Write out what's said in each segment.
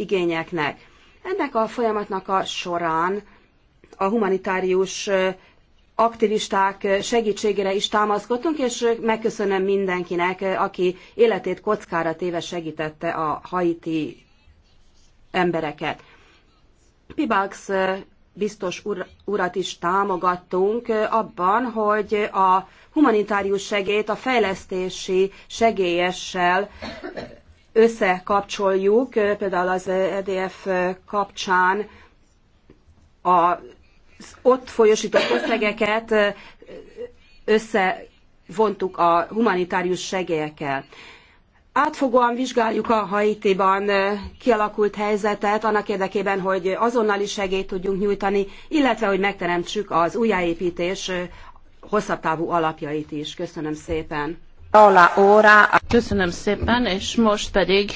igényeknek. Ennek a folyamatnak a során a humanitárius aktivisták segítségére is támaszkodtunk, és megköszönöm mindenkinek, aki életét kockára téve segítette a haiti embereket. Pibax biztos ur- urat is támogattunk abban, hogy a humanitárius segélyt a fejlesztési segélyessel összekapcsoljuk, például az EDF kapcsán a ott folyosított összegeket összevontuk a humanitárius segélyekkel. Átfogóan vizsgáljuk a Haitiban kialakult helyzetet annak érdekében, hogy azonnali segélyt tudjunk nyújtani, illetve hogy megteremtsük az újjáépítés hosszabb távú alapjait is. Köszönöm szépen! Hola, ora. Köszönöm szépen, és most pedig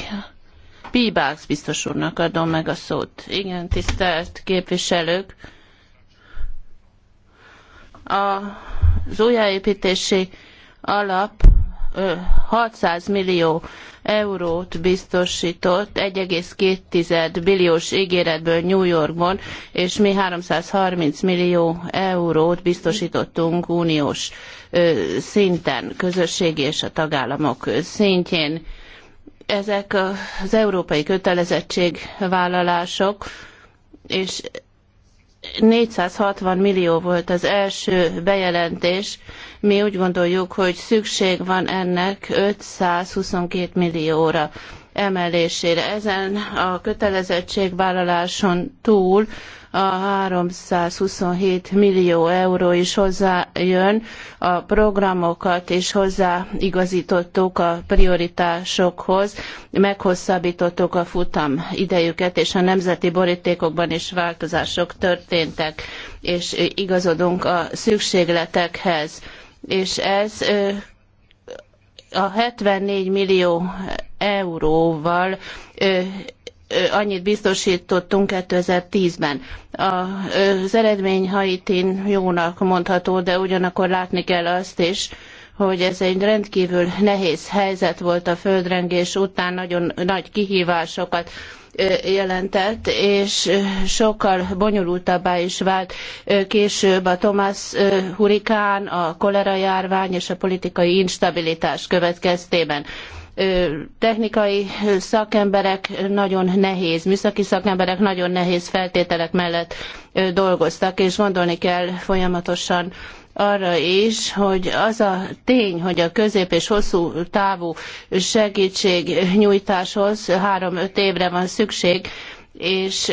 Pibax biztos úrnak adom meg a szót. Igen, tisztelt képviselők. A, az újjáépítési alap 600 millió eurót biztosított 1,2 billiós ígéretből New Yorkban, és mi 330 millió eurót biztosítottunk uniós szinten, közösségi és a tagállamok szintjén. Ezek az európai kötelezettségvállalások, és 460 millió volt az első bejelentés. Mi úgy gondoljuk, hogy szükség van ennek 522 millióra emelésére. Ezen a kötelezettségvállaláson túl a 327 millió euró is hozzájön, a programokat is hozzáigazítottuk a prioritásokhoz, meghosszabbítottuk a futam idejüket, és a nemzeti borítékokban is változások történtek, és igazodunk a szükségletekhez. És ez a 74 millió euróval annyit biztosítottunk 2010-ben. Az eredmény Haitin jónak mondható, de ugyanakkor látni kell azt is, hogy ez egy rendkívül nehéz helyzet volt a földrengés után, nagyon nagy kihívásokat jelentett, és sokkal bonyolultabbá is vált később a Thomas hurikán, a kolera járvány és a politikai instabilitás következtében technikai szakemberek nagyon nehéz, műszaki szakemberek nagyon nehéz feltételek mellett dolgoztak, és gondolni kell folyamatosan arra is, hogy az a tény, hogy a közép és hosszú távú nyújtáshoz három-öt évre van szükség, és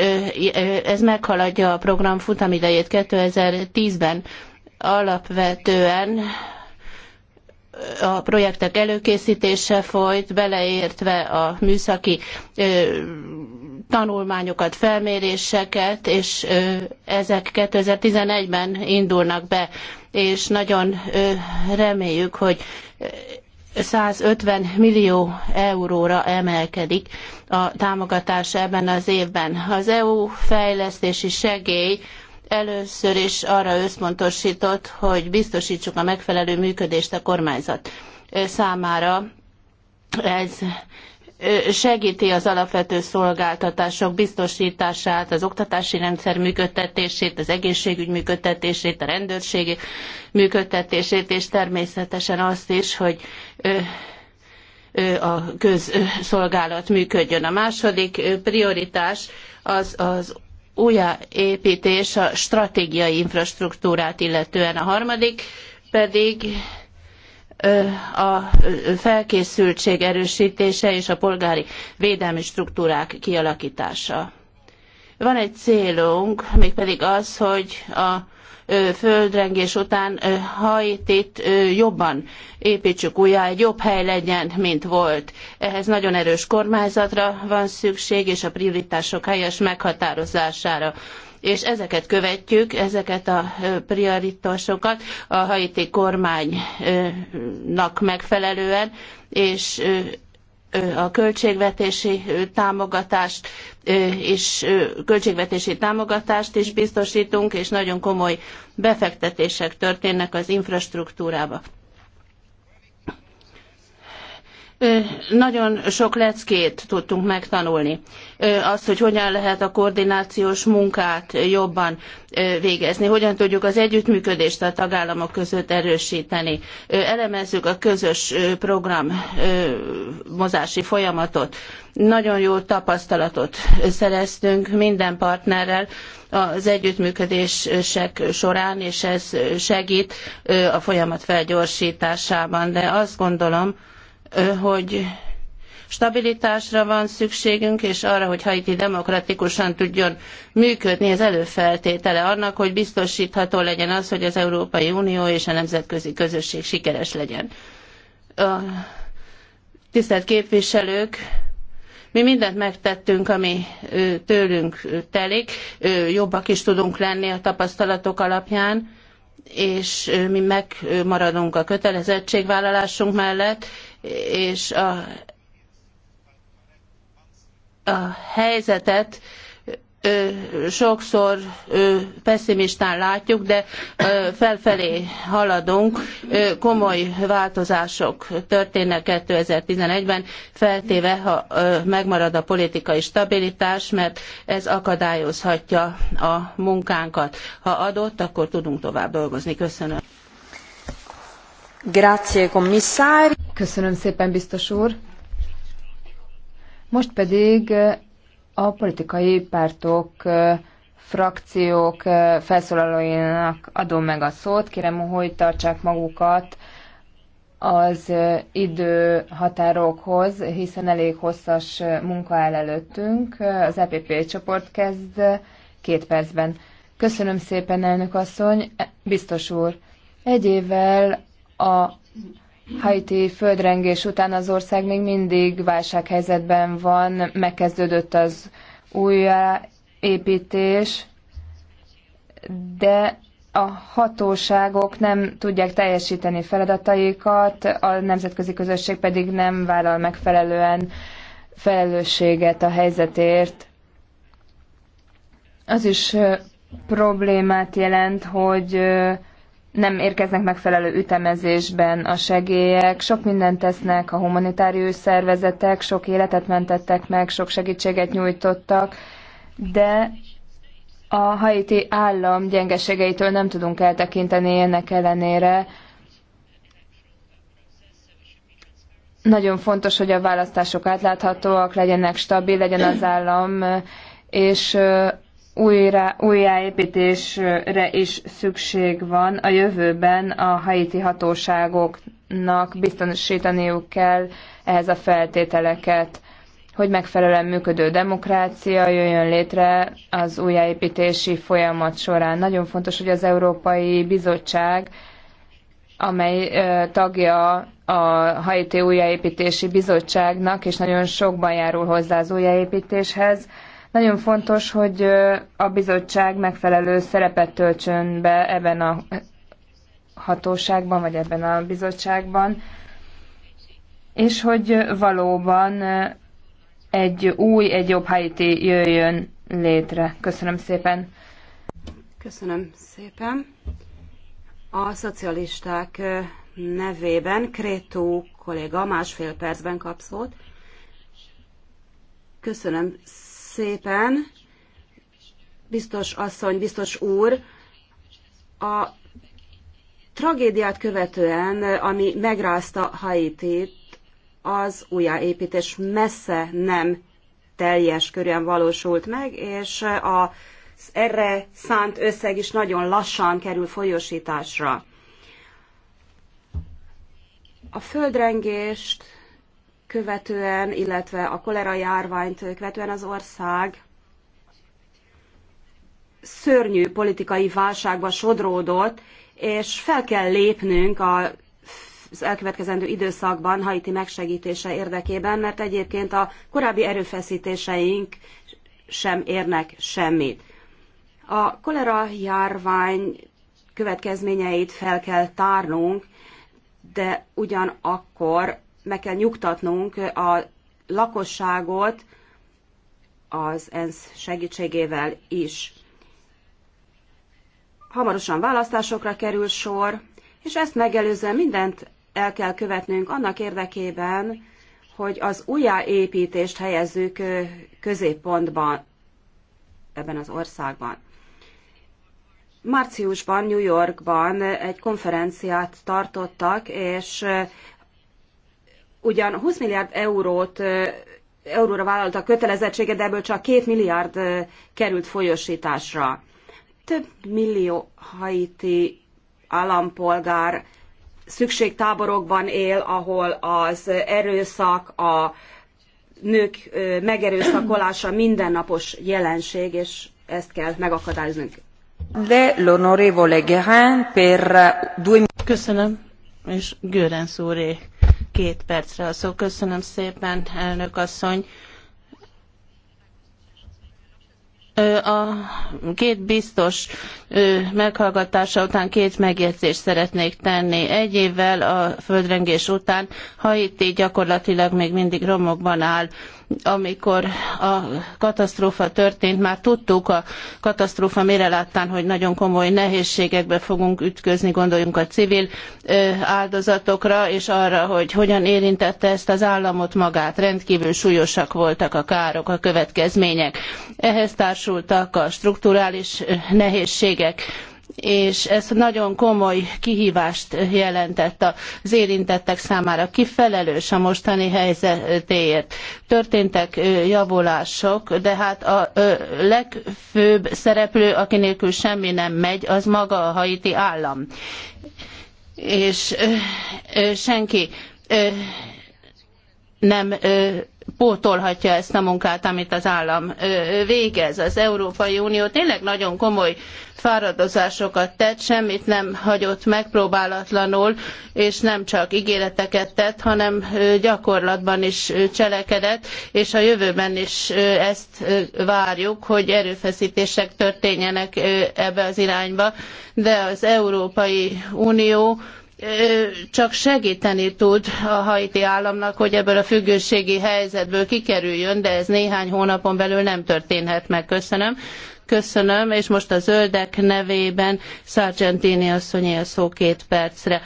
ez meghaladja a program futamidejét 2010-ben alapvetően a projektek előkészítése folyt, beleértve a műszaki tanulmányokat, felméréseket, és ezek 2011-ben indulnak be, és nagyon reméljük, hogy 150 millió euróra emelkedik a támogatás ebben az évben. Az EU fejlesztési segély először is arra összpontosított, hogy biztosítsuk a megfelelő működést a kormányzat számára. Ez segíti az alapvető szolgáltatások biztosítását, az oktatási rendszer működtetését, az egészségügy működtetését, a rendőrség működtetését, és természetesen azt is, hogy a közszolgálat működjön. A második prioritás az az újjáépítés a stratégiai infrastruktúrát illetően. A harmadik pedig a felkészültség erősítése és a polgári védelmi struktúrák kialakítása. Van egy célunk, mégpedig az, hogy a földrengés után Haitit jobban építsük újjá, egy jobb hely legyen, mint volt. Ehhez nagyon erős kormányzatra van szükség, és a prioritások helyes meghatározására és ezeket követjük, ezeket a prioritásokat a haiti kormánynak megfelelően, és a költségvetési támogatást és költségvetési támogatást is biztosítunk, és nagyon komoly befektetések történnek az infrastruktúrába nagyon sok leckét tudtunk megtanulni. Azt, hogy hogyan lehet a koordinációs munkát jobban végezni, hogyan tudjuk az együttműködést a tagállamok között erősíteni. Elemezzük a közös program mozási folyamatot. Nagyon jó tapasztalatot szereztünk minden partnerrel az együttműködések során, és ez segít a folyamat felgyorsításában. De azt gondolom, hogy stabilitásra van szükségünk, és arra, hogy Haiti demokratikusan tudjon működni, ez előfeltétele annak, hogy biztosítható legyen az, hogy az Európai Unió és a nemzetközi közösség sikeres legyen. A tisztelt képviselők, mi mindent megtettünk, ami tőlünk telik, jobbak is tudunk lenni a tapasztalatok alapján, és mi megmaradunk a kötelezettségvállalásunk mellett, és a, a helyzetet ö, sokszor ö, pessimistán látjuk, de ö, felfelé haladunk. Ö, komoly változások történnek 2011-ben, feltéve, ha ö, megmarad a politikai stabilitás, mert ez akadályozhatja a munkánkat. Ha adott, akkor tudunk tovább dolgozni. Köszönöm. Köszönöm szépen, biztos úr. Most pedig a politikai pártok, frakciók felszólalóinak adom meg a szót. Kérem, hogy tartsák magukat az időhatárokhoz, hiszen elég hosszas munka áll előttünk. Az EPP csoport kezd két percben. Köszönöm szépen, elnök asszony, biztos úr. Egy évvel a Haiti földrengés után az ország még mindig válsághelyzetben van, megkezdődött az újjáépítés, de a hatóságok nem tudják teljesíteni feladataikat, a nemzetközi közösség pedig nem vállal megfelelően felelősséget a helyzetért. Az is problémát jelent, hogy nem érkeznek megfelelő ütemezésben a segélyek, sok mindent tesznek a humanitárius szervezetek, sok életet mentettek meg, sok segítséget nyújtottak, de a haiti állam gyengeségeitől nem tudunk eltekinteni ennek ellenére. Nagyon fontos, hogy a választások átláthatóak legyenek, stabil legyen az állam, és újra, újjáépítésre is szükség van. A jövőben a haiti hatóságoknak biztosítaniuk kell ehhez a feltételeket, hogy megfelelően működő demokrácia jöjjön létre az újjáépítési folyamat során. Nagyon fontos, hogy az Európai Bizottság, amely tagja a Haiti Újjáépítési Bizottságnak, és nagyon sokban járul hozzá az újjáépítéshez, nagyon fontos, hogy a bizottság megfelelő szerepet töltsön be ebben a hatóságban, vagy ebben a bizottságban, és hogy valóban egy új, egy jobb Haiti jöjjön létre. Köszönöm szépen. Köszönöm szépen. A szocialisták nevében Krétó kolléga másfél percben kap szót. Köszönöm szépen, biztos asszony, biztos úr. A tragédiát követően, ami megrázta Haitit, az újjáépítés messze nem teljes körűen valósult meg, és az erre szánt összeg is nagyon lassan kerül folyosításra. A földrengést követően, illetve a kolera járványt követően az ország szörnyű politikai válságba sodródott, és fel kell lépnünk a az elkövetkezendő időszakban Haiti megsegítése érdekében, mert egyébként a korábbi erőfeszítéseink sem érnek semmit. A kolera járvány következményeit fel kell tárnunk, de ugyanakkor meg kell nyugtatnunk a lakosságot az ENSZ segítségével is. Hamarosan választásokra kerül sor, és ezt megelőzően mindent el kell követnünk annak érdekében, hogy az újjáépítést helyezzük középpontban ebben az országban. Márciusban New Yorkban egy konferenciát tartottak, és ugyan 20 milliárd eurót euróra a kötelezettséget, de ebből csak 2 milliárd került folyosításra. Több millió haiti állampolgár szükségtáborokban él, ahol az erőszak, a nők megerőszakolása mindennapos jelenség, és ezt kell megakadályoznunk. De l'onorevole Guérin per... Köszönöm, és Görenc két percre a szó. Köszönöm szépen, elnök asszony. A két biztos meghallgatása után két megjegyzést szeretnék tenni. Egy évvel a földrengés után Haiti gyakorlatilag még mindig romokban áll amikor a katasztrófa történt, már tudtuk a katasztrófa méreláttán, hogy nagyon komoly nehézségekbe fogunk ütközni, gondoljunk a civil áldozatokra, és arra, hogy hogyan érintette ezt az államot magát. Rendkívül súlyosak voltak a károk, a következmények. Ehhez társul társultak a strukturális nehézségek és ez nagyon komoly kihívást jelentett az érintettek számára. Ki felelős a mostani helyzetéért? Történtek javulások, de hát a legfőbb szereplő, aki nélkül semmi nem megy, az maga a haiti állam. És senki nem pótolhatja ezt a munkát, amit az állam végez. Az Európai Unió tényleg nagyon komoly fáradozásokat tett, semmit nem hagyott megpróbálatlanul, és nem csak ígéreteket tett, hanem gyakorlatban is cselekedett, és a jövőben is ezt várjuk, hogy erőfeszítések történjenek ebbe az irányba, de az Európai Unió csak segíteni tud a haiti államnak, hogy ebből a függőségi helyzetből kikerüljön, de ez néhány hónapon belül nem történhet meg. Köszönöm. Köszönöm, és most a zöldek nevében Sargentini asszonyé a szó két percre.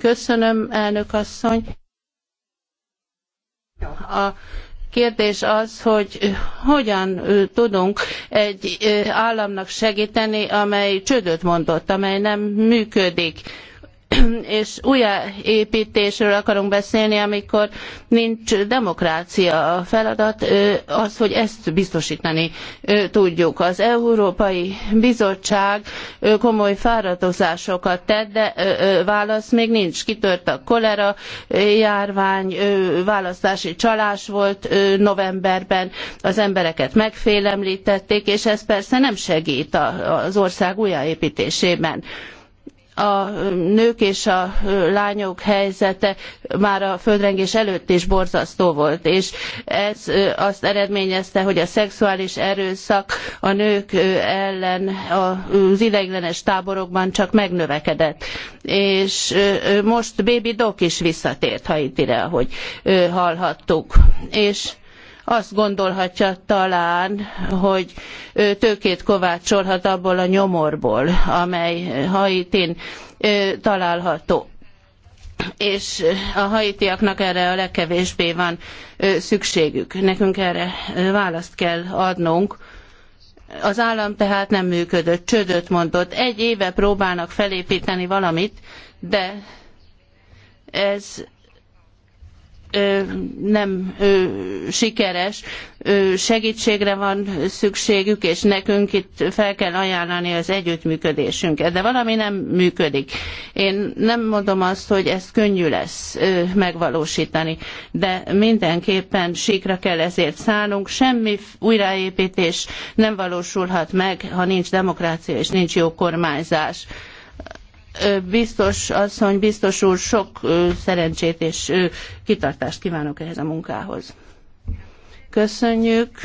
Köszönöm, elnök asszony. A kérdés az, hogy hogyan tudunk egy államnak segíteni, amely csődöt mondott, amely nem működik és újjáépítésről akarunk beszélni, amikor nincs demokrácia. A feladat az, hogy ezt biztosítani tudjuk. Az Európai Bizottság komoly fáradozásokat tett, de válasz még nincs. Kitört a kolera járvány, választási csalás volt novemberben, az embereket megfélemlítették, és ez persze nem segít az ország újjáépítésében a nők és a lányok helyzete már a földrengés előtt is borzasztó volt, és ez azt eredményezte, hogy a szexuális erőszak a nők ellen az ideiglenes táborokban csak megnövekedett. És most Baby Doc is visszatért Haitire, ahogy hallhattuk. És azt gondolhatja talán, hogy tőkét kovácsolhat abból a nyomorból, amely Haitin található és a haitiaknak erre a legkevésbé van szükségük. Nekünk erre választ kell adnunk. Az állam tehát nem működött, csődöt mondott. Egy éve próbálnak felépíteni valamit, de ez nem sikeres, segítségre van szükségük, és nekünk itt fel kell ajánlani az együttműködésünket, de valami nem működik. Én nem mondom azt, hogy ezt könnyű lesz megvalósítani, de mindenképpen síkra kell ezért szállnunk, semmi újraépítés nem valósulhat meg, ha nincs demokrácia és nincs jó kormányzás biztos asszony, biztos úr, sok szerencsét és kitartást kívánok ehhez a munkához. Köszönjük.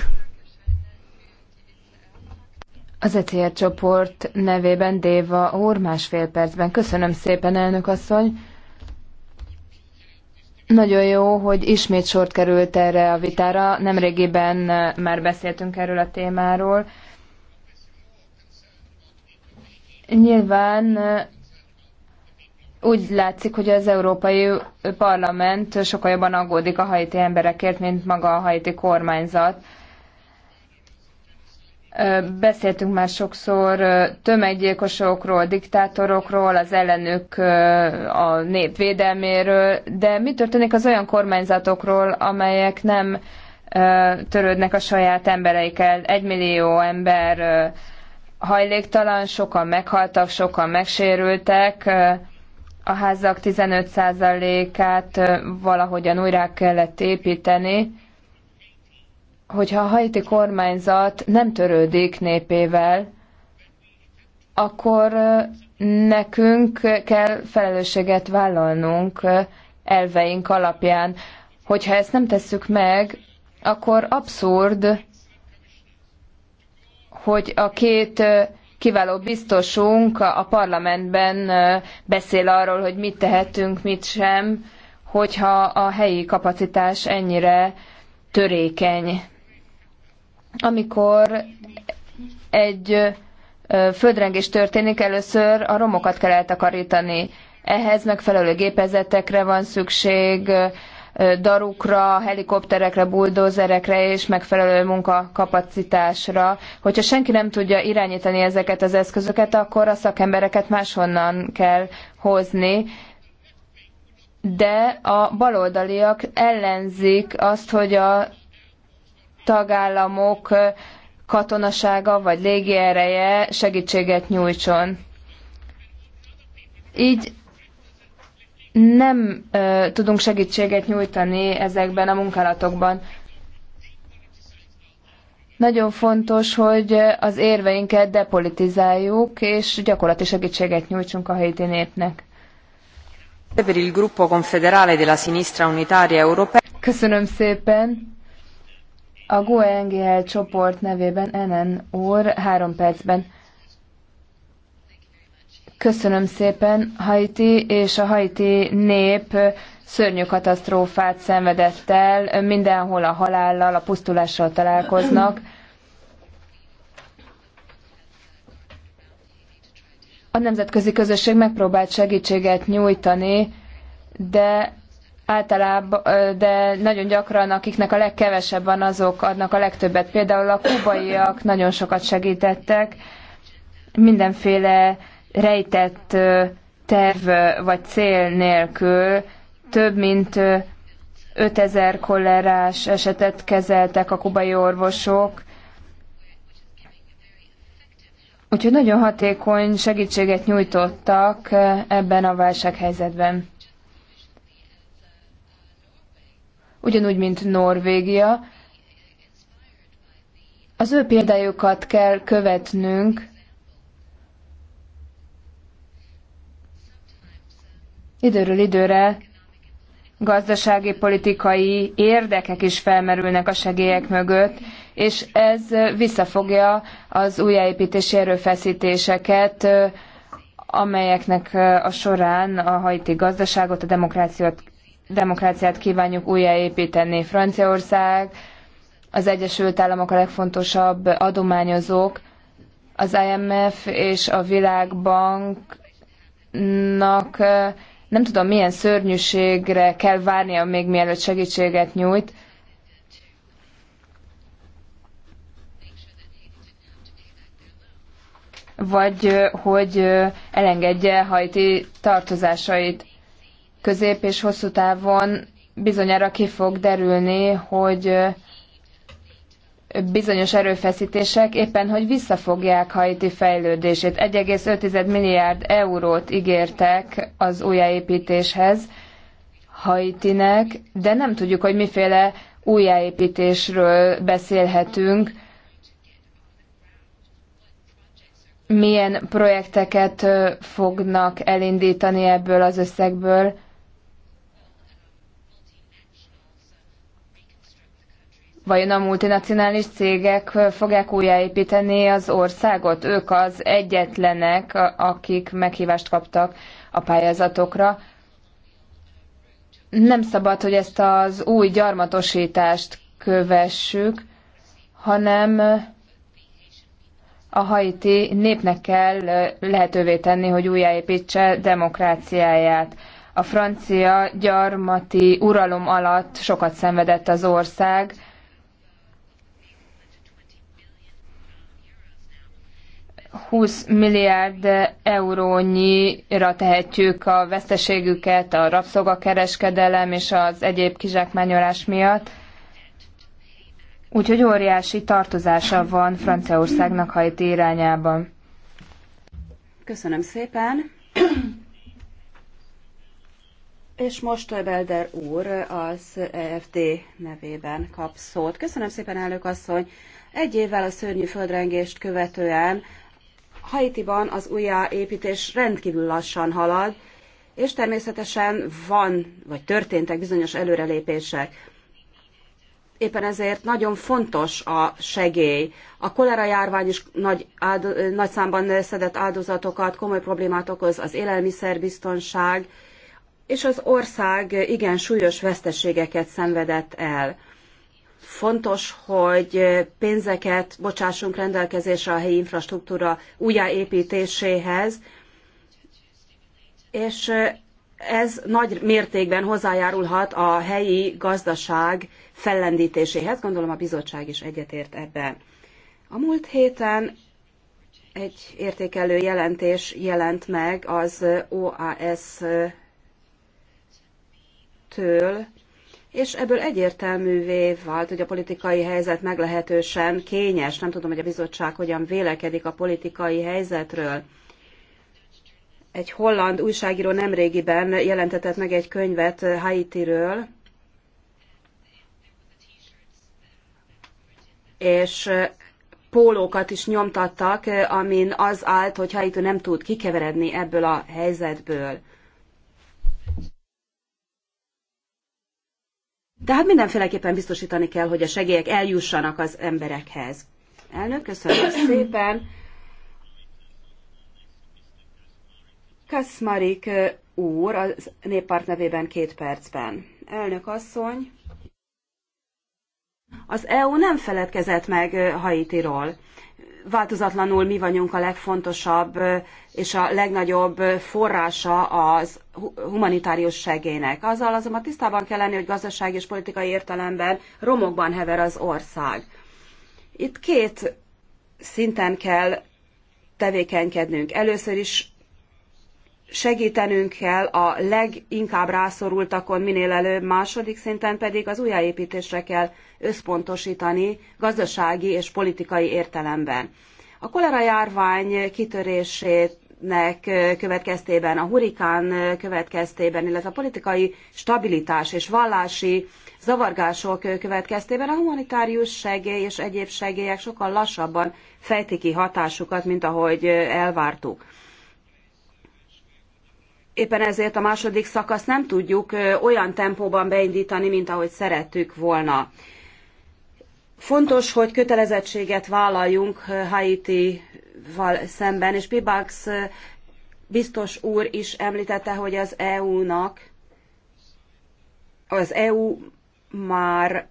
Az ECR csoport nevében Déva úr másfél percben. Köszönöm szépen, elnök asszony. Nagyon jó, hogy ismét sort került erre a vitára. Nemrégiben már beszéltünk erről a témáról. Nyilván úgy látszik, hogy az Európai Parlament sokkal jobban aggódik a haiti emberekért, mint maga a haiti kormányzat. Beszéltünk már sokszor tömeggyilkosokról, diktátorokról, az ellenük a nép védelméről, de mi történik az olyan kormányzatokról, amelyek nem törődnek a saját embereikkel? Egy millió ember hajléktalan, sokan meghaltak, sokan megsérültek, a házak 15%-át valahogyan újra kellett építeni, hogyha a haiti kormányzat nem törődik népével, akkor nekünk kell felelősséget vállalnunk elveink alapján. Hogyha ezt nem tesszük meg, akkor abszurd, hogy a két kiváló biztosunk a parlamentben beszél arról, hogy mit tehetünk, mit sem, hogyha a helyi kapacitás ennyire törékeny. Amikor egy földrengés történik, először a romokat kell eltakarítani. Ehhez megfelelő gépezetekre van szükség, darukra, helikopterekre, buldózerekre és megfelelő munkakapacitásra. Hogyha senki nem tudja irányítani ezeket az eszközöket, akkor a szakembereket máshonnan kell hozni. De a baloldaliak ellenzik azt, hogy a tagállamok katonasága vagy légiereje segítséget nyújtson. Így nem ö, tudunk segítséget nyújtani ezekben a munkálatokban. Nagyon fontos, hogy az érveinket depolitizáljuk, és gyakorlati segítséget nyújtsunk a helyi népnek. Per il gruppo confederale della sinistra unitaria europea. Köszönöm szépen. A GUE NGL csoport nevében Enen úr három percben. Köszönöm szépen. Haiti és a haiti nép szörnyű katasztrófát szenvedett el, mindenhol a halállal, a pusztulással találkoznak. A nemzetközi közösség megpróbált segítséget nyújtani, de általában, de nagyon gyakran akiknek a legkevesebb van, azok adnak a legtöbbet. Például a kubaiak nagyon sokat segítettek, mindenféle rejtett terv vagy cél nélkül több mint 5000 kollerás esetet kezeltek a kubai orvosok, Úgyhogy nagyon hatékony segítséget nyújtottak ebben a válsághelyzetben. Ugyanúgy, mint Norvégia. Az ő példájukat kell követnünk, időről időre gazdasági, politikai érdekek is felmerülnek a segélyek mögött, és ez visszafogja az újjáépítési erőfeszítéseket, amelyeknek a során a haiti gazdaságot, a demokráciát, demokráciát kívánjuk újjáépíteni. Franciaország, az Egyesült Államok a legfontosabb adományozók, az IMF és a Világbanknak nem tudom, milyen szörnyűségre kell várnia még mielőtt segítséget nyújt. Vagy hogy elengedje hajti tartozásait. Közép és hosszú távon bizonyára ki fog derülni, hogy bizonyos erőfeszítések éppen, hogy visszafogják Haiti fejlődését. 1,5 milliárd eurót ígértek az újjáépítéshez Haitinek, de nem tudjuk, hogy miféle újjáépítésről beszélhetünk, milyen projekteket fognak elindítani ebből az összegből. Vajon a multinacionális cégek fogják újjáépíteni az országot? Ők az egyetlenek, akik meghívást kaptak a pályázatokra. Nem szabad, hogy ezt az új gyarmatosítást kövessük, hanem a haiti népnek kell lehetővé tenni, hogy újjáépítse demokráciáját. A francia gyarmati uralom alatt sokat szenvedett az ország, 20 milliárd eurónyira tehetjük a veszteségüket a rabszolgakereskedelem és az egyéb kizsákmányolás miatt. Úgyhogy óriási tartozása van Franciaországnak hajti irányában. Köszönöm szépen. És most Belder úr az EFD nevében kap szót. Köszönöm szépen, elnök asszony. Egy évvel a szörnyű földrengést követően Haitiban az újjáépítés rendkívül lassan halad, és természetesen van, vagy történtek bizonyos előrelépések. Éppen ezért nagyon fontos a segély. A kolera járvány is nagy, áld, nagy számban szedett áldozatokat, komoly problémát okoz az élelmiszerbiztonság, és az ország igen súlyos veszteségeket szenvedett el. Fontos, hogy pénzeket bocsássunk rendelkezésre a helyi infrastruktúra újjáépítéséhez, és ez nagy mértékben hozzájárulhat a helyi gazdaság fellendítéséhez. Gondolom a bizottság is egyetért ebben. A múlt héten egy értékelő jelentés jelent meg az OAS-től, és ebből egyértelművé vált, hogy a politikai helyzet meglehetősen kényes. Nem tudom, hogy a bizottság hogyan vélekedik a politikai helyzetről. Egy holland újságíró nemrégiben jelentetett meg egy könyvet Haitiről, és pólókat is nyomtattak, amin az állt, hogy Haiti nem tud kikeveredni ebből a helyzetből. Tehát mindenféleképpen biztosítani kell, hogy a segélyek eljussanak az emberekhez. Elnök, köszönöm szépen. Kaszmarik úr, a néppárt nevében két percben. Elnök asszony, az EU nem feledkezett meg Haitiról változatlanul mi vagyunk a legfontosabb és a legnagyobb forrása az humanitárius segélynek. Azzal azonban tisztában kell lenni, hogy gazdasági és politikai értelemben romokban hever az ország. Itt két szinten kell tevékenykednünk. Először is segítenünk kell a leginkább rászorultakon minél előbb, második szinten pedig az újjáépítésre kell összpontosítani gazdasági és politikai értelemben. A kolera járvány kitörését következtében, a hurikán következtében, illetve a politikai stabilitás és vallási zavargások következtében a humanitárius segély és egyéb segélyek sokkal lassabban fejtik ki hatásukat, mint ahogy elvártuk éppen ezért a második szakaszt nem tudjuk olyan tempóban beindítani, mint ahogy szerettük volna. Fontos, hogy kötelezettséget vállaljunk Haiti-val szemben, és Pibax biztos úr is említette, hogy az EU-nak, az EU már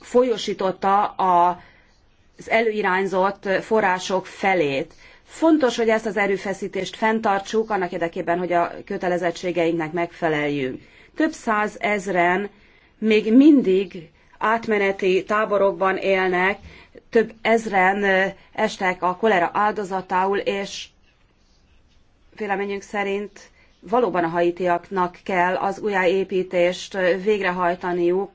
folyosította az előirányzott források felét. Fontos, hogy ezt az erőfeszítést fenntartsuk, annak érdekében, hogy a kötelezettségeinknek megfeleljünk. Több száz ezren még mindig átmeneti táborokban élnek, több ezren estek a kolera áldozatául, és véleményünk szerint valóban a haitiaknak kell az újjáépítést végrehajtaniuk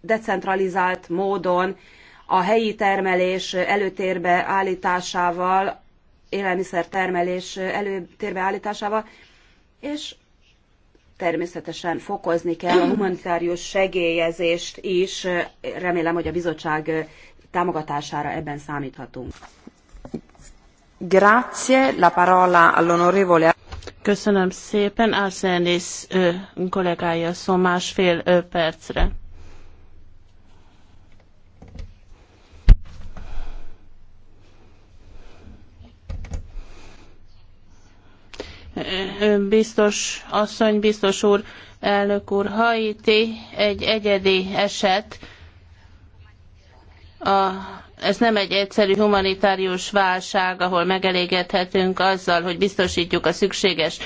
decentralizált módon, a helyi termelés előtérbe állításával, termelés előtérbe állításával, és természetesen fokozni kell a humanitárius segélyezést is. Remélem, hogy a bizottság támogatására ebben számíthatunk. Grazie, la parola all'onorevole. Köszönöm szépen, Arsenis kollégája szó másfél percre. biztos asszony, biztos úr, elnök úr, Haiti egy egyedi eset, a, ez nem egy egyszerű humanitárius válság, ahol megelégedhetünk azzal, hogy biztosítjuk a szükséges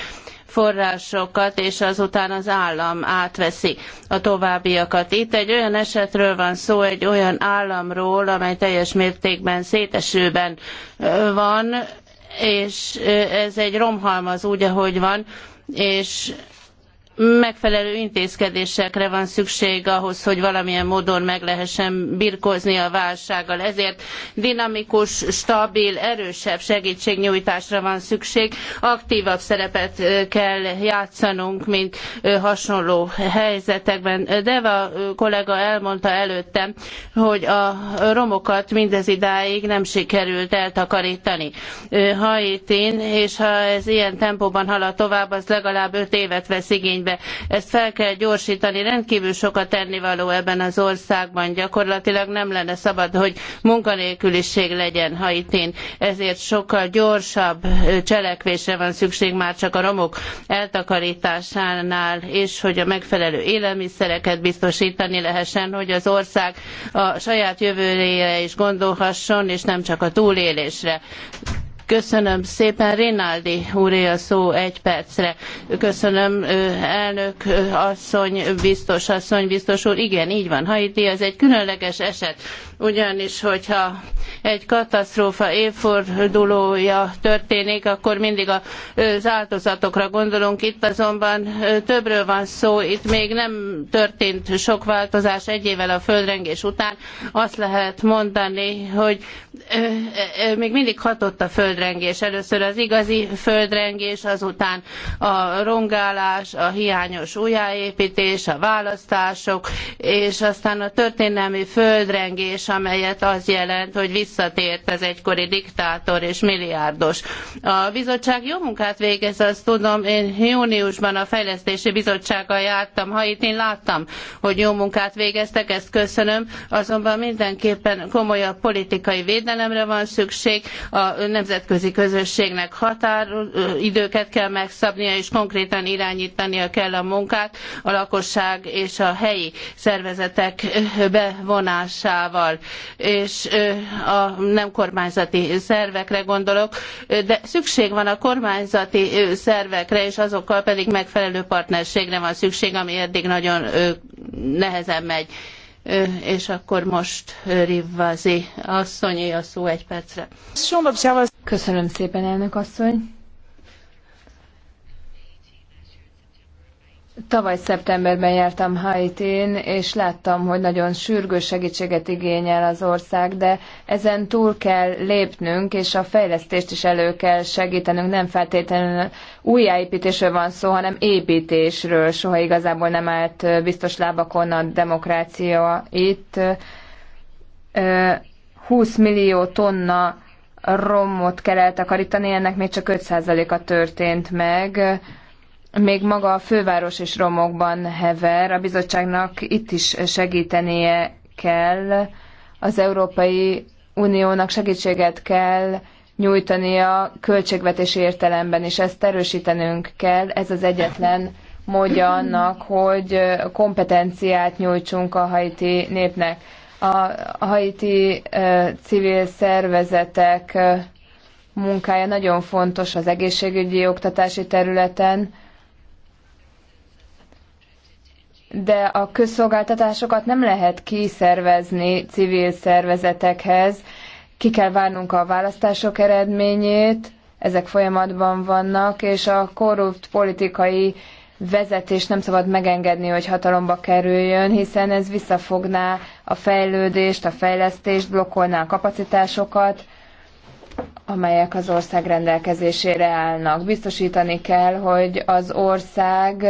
forrásokat, és azután az állam átveszi a továbbiakat. Itt egy olyan esetről van szó, egy olyan államról, amely teljes mértékben szétesőben van, és ez egy romhalmaz úgy, ahogy van, és megfelelő intézkedésekre van szükség ahhoz, hogy valamilyen módon meg lehessen birkózni a válsággal. Ezért dinamikus, stabil, erősebb segítségnyújtásra van szükség. Aktívabb szerepet kell játszanunk, mint hasonló helyzetekben. Deva kollega elmondta előttem, hogy a romokat mindezidáig nem sikerült eltakarítani Haitin, és ha ez ilyen tempóban halad tovább, az legalább öt évet vesz igénybe igénybe. Ezt fel kell gyorsítani, rendkívül sokat tennivaló ebben az országban. Gyakorlatilag nem lenne szabad, hogy munkanélküliség legyen Haitin. Ezért sokkal gyorsabb cselekvésre van szükség már csak a romok eltakarításánál, és hogy a megfelelő élelmiszereket biztosítani lehessen, hogy az ország a saját jövőjére is gondolhasson, és nem csak a túlélésre. Köszönöm szépen. Rinaldi úré a szó egy percre. Köszönöm elnök asszony, biztos asszony, biztos úr. Igen, így van. Haiti ez egy különleges eset, ugyanis hogyha egy katasztrófa évfordulója történik, akkor mindig az áldozatokra gondolunk. Itt azonban többről van szó, itt még nem történt sok változás egy évvel a földrengés után. Azt lehet mondani, hogy még mindig hatott a földrengés. Először az igazi földrengés, azután a rongálás, a hiányos újjáépítés, a választások, és aztán a történelmi földrengés, amelyet az jelent, hogy visszatért az egykori diktátor és milliárdos. A bizottság jó munkát végez, azt tudom, én júniusban a Fejlesztési Bizottsággal jártam Haitin, láttam, hogy jó munkát végeztek, ezt köszönöm, azonban mindenképpen komolyabb politikai védelem védelemre van szükség, a nemzetközi közösségnek határidőket kell megszabnia, és konkrétan irányítania kell a munkát a lakosság és a helyi szervezetek bevonásával. És a nem kormányzati szervekre gondolok, de szükség van a kormányzati szervekre, és azokkal pedig megfelelő partnerségre van szükség, ami eddig nagyon nehezen megy és akkor most Rivvázi asszonyé a szó egy percre. Köszönöm szépen, elnök asszony. Tavaly szeptemberben jártam Haitin, és láttam, hogy nagyon sürgős segítséget igényel az ország, de ezen túl kell lépnünk, és a fejlesztést is elő kell segítenünk. Nem feltétlenül újjáépítésről van szó, hanem építésről. Soha igazából nem állt biztos lábakon a demokrácia itt. 20 millió tonna romot kell eltakarítani, ennek még csak 5%-a történt meg még maga a főváros is romokban hever, a bizottságnak itt is segítenie kell, az Európai Uniónak segítséget kell nyújtania költségvetési értelemben, és ezt erősítenünk kell. Ez az egyetlen módja annak, hogy kompetenciát nyújtsunk a haiti népnek. A haiti civil szervezetek munkája nagyon fontos az egészségügyi oktatási területen, de a közszolgáltatásokat nem lehet kiszervezni civil szervezetekhez. Ki kell várnunk a választások eredményét, ezek folyamatban vannak, és a korrupt politikai vezetés nem szabad megengedni, hogy hatalomba kerüljön, hiszen ez visszafogná a fejlődést, a fejlesztést, blokkolná a kapacitásokat, amelyek az ország rendelkezésére állnak. Biztosítani kell, hogy az ország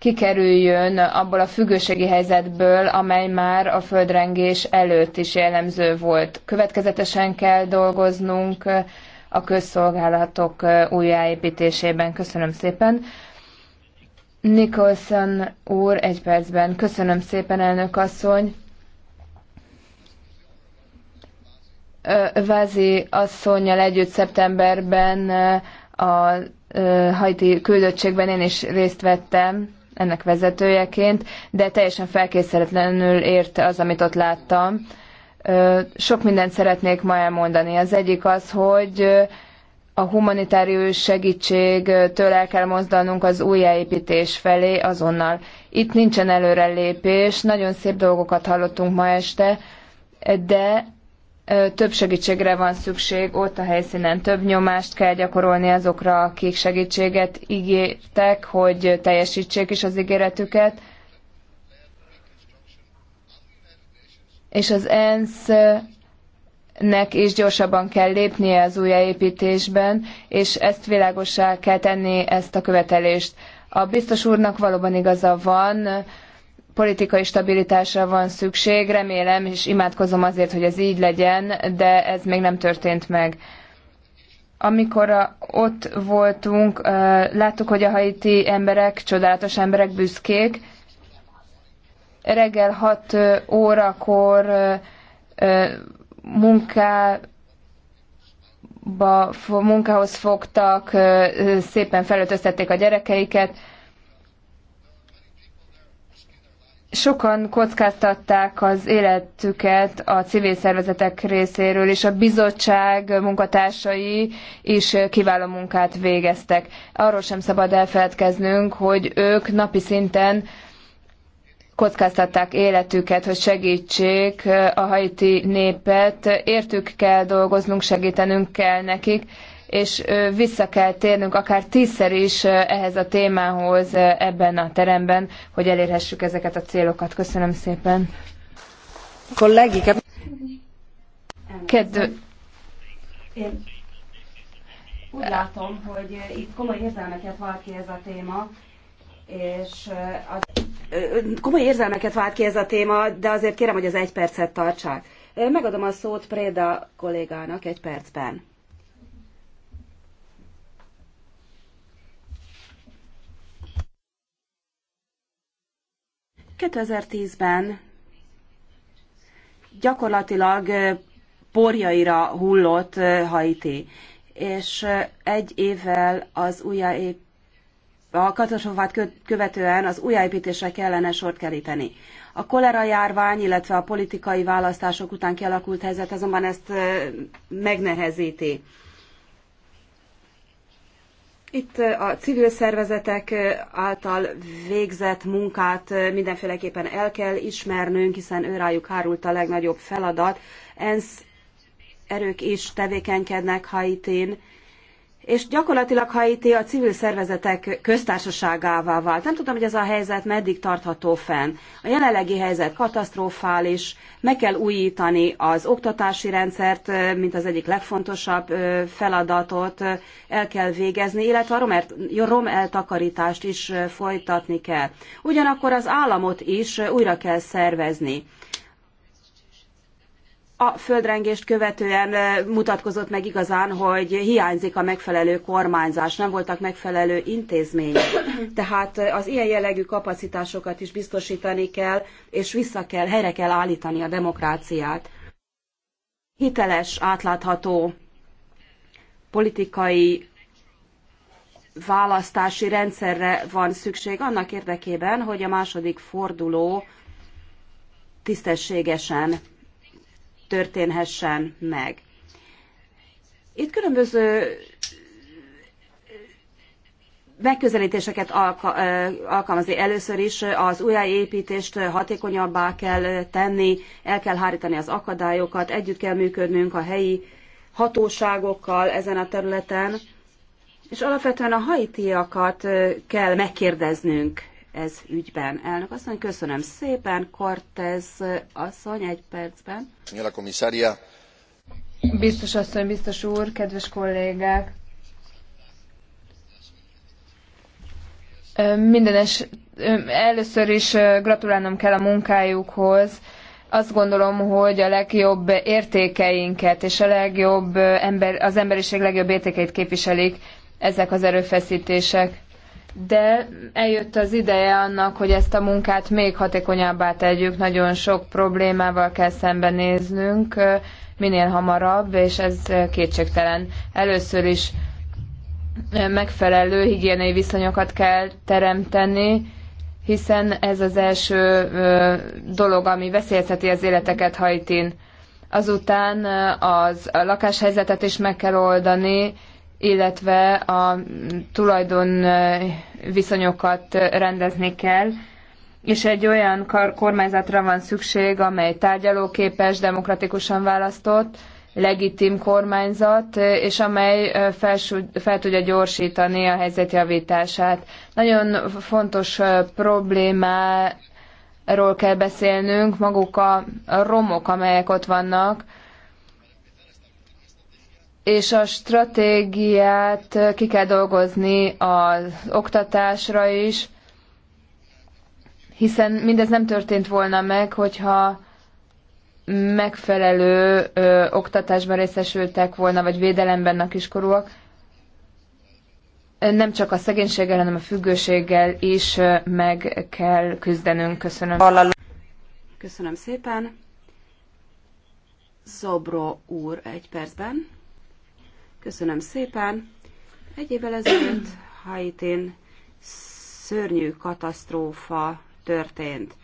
kikerüljön abból a függőségi helyzetből, amely már a földrengés előtt is jellemző volt. Következetesen kell dolgoznunk a közszolgálatok újjáépítésében. Köszönöm szépen. Nicholson úr, egy percben. Köszönöm szépen, elnök asszony. Vázi asszonyjal együtt szeptemberben a hajti küldöttségben én is részt vettem, ennek vezetőjeként, de teljesen felkészületlenül érte az, amit ott láttam. Sok mindent szeretnék ma elmondani. Az egyik az, hogy a humanitárius segítségtől el kell mozdanunk az újjáépítés felé azonnal. Itt nincsen előrelépés, nagyon szép dolgokat hallottunk ma este, de több segítségre van szükség, ott a helyszínen több nyomást kell gyakorolni azokra, akik segítséget ígértek, hogy teljesítsék is az ígéretüket. És az ENSZ nek is gyorsabban kell lépnie az újjáépítésben, és ezt világosá kell tenni, ezt a követelést. A biztos úrnak valóban igaza van, politikai stabilitásra van szükség, remélem és imádkozom azért, hogy ez így legyen, de ez még nem történt meg. Amikor ott voltunk, láttuk, hogy a haiti emberek, csodálatos emberek büszkék. Reggel 6 órakor munkába munkához fogtak, szépen felöltöztették a gyerekeiket, sokan kockáztatták az életüket a civil szervezetek részéről, és a bizottság munkatársai is kiváló munkát végeztek. Arról sem szabad elfeledkeznünk, hogy ők napi szinten kockáztatták életüket, hogy segítsék a haiti népet. Értük kell dolgoznunk, segítenünk kell nekik, és vissza kell térnünk akár tízszer is ehhez a témához ebben a teremben, hogy elérhessük ezeket a célokat. Köszönöm szépen. Kollégik, kedv... Én úgy látom, hogy itt komoly érzelmeket vált ki ez a téma, és az... komoly érzelmeket vált ki ez a téma, de azért kérem, hogy az egy percet tartsák. Megadom a szót Préda kollégának egy percben. 2010-ben gyakorlatilag porjaira hullott Haiti, és egy évvel az újjáép a katasztrófát követően az újjáépítésre kellene sort keríteni. A kolera járvány, illetve a politikai választások után kialakult helyzet azonban ezt megnehezíti. Itt a civil szervezetek által végzett munkát mindenféleképpen el kell ismernünk, hiszen rájuk hárult a legnagyobb feladat. ENSZ erők is tevékenykednek Haitin, és gyakorlatilag Haiti a civil szervezetek köztársaságává vált. Nem tudom, hogy ez a helyzet meddig tartható fenn. A jelenlegi helyzet katasztrofális, meg kell újítani az oktatási rendszert, mint az egyik legfontosabb feladatot el kell végezni, illetve a rom eltakarítást is folytatni kell. Ugyanakkor az államot is újra kell szervezni a földrengést követően mutatkozott meg igazán, hogy hiányzik a megfelelő kormányzás, nem voltak megfelelő intézmények. Tehát az ilyen jellegű kapacitásokat is biztosítani kell, és vissza kell, helyre kell állítani a demokráciát. Hiteles, átlátható politikai választási rendszerre van szükség annak érdekében, hogy a második forduló tisztességesen történhessen meg. Itt különböző megközelítéseket alkalmazni. Először is az újjáépítést hatékonyabbá kell tenni, el kell hárítani az akadályokat, együtt kell működnünk a helyi hatóságokkal ezen a területen, és alapvetően a haitiakat kell megkérdeznünk ez ügyben. Elnök asszony, köszönöm szépen. Cortez asszony, egy percben. Señora komisária. Biztos asszony, biztos úr, kedves kollégák. Mindenes, először is gratulálnom kell a munkájukhoz. Azt gondolom, hogy a legjobb értékeinket és a legjobb ember, az emberiség legjobb értékeit képviselik ezek az erőfeszítések de eljött az ideje annak, hogy ezt a munkát még hatékonyabbá tegyük, nagyon sok problémával kell szembenéznünk minél hamarabb, és ez kétségtelen. Először is megfelelő higiéniai viszonyokat kell teremteni, hiszen ez az első dolog, ami veszélyezteti az életeket hajtin. Azután az a lakáshelyzetet is meg kell oldani, illetve a tulajdon viszonyokat rendezni kell, és egy olyan kormányzatra van szükség, amely tárgyalóképes, demokratikusan választott, legitim kormányzat, és amely felsú, fel tudja gyorsítani a helyzet javítását. Nagyon fontos problémáról kell beszélnünk, maguk a romok, amelyek ott vannak, és a stratégiát ki kell dolgozni az oktatásra is, hiszen mindez nem történt volna meg, hogyha megfelelő ö, oktatásban részesültek volna, vagy védelemben a kiskorúak. Nem csak a szegénységgel, hanem a függőséggel is meg kell küzdenünk. Köszönöm. Köszönöm szépen. Zobro úr egy percben. Köszönöm szépen. Egy évvel ezelőtt Haitén szörnyű katasztrófa történt.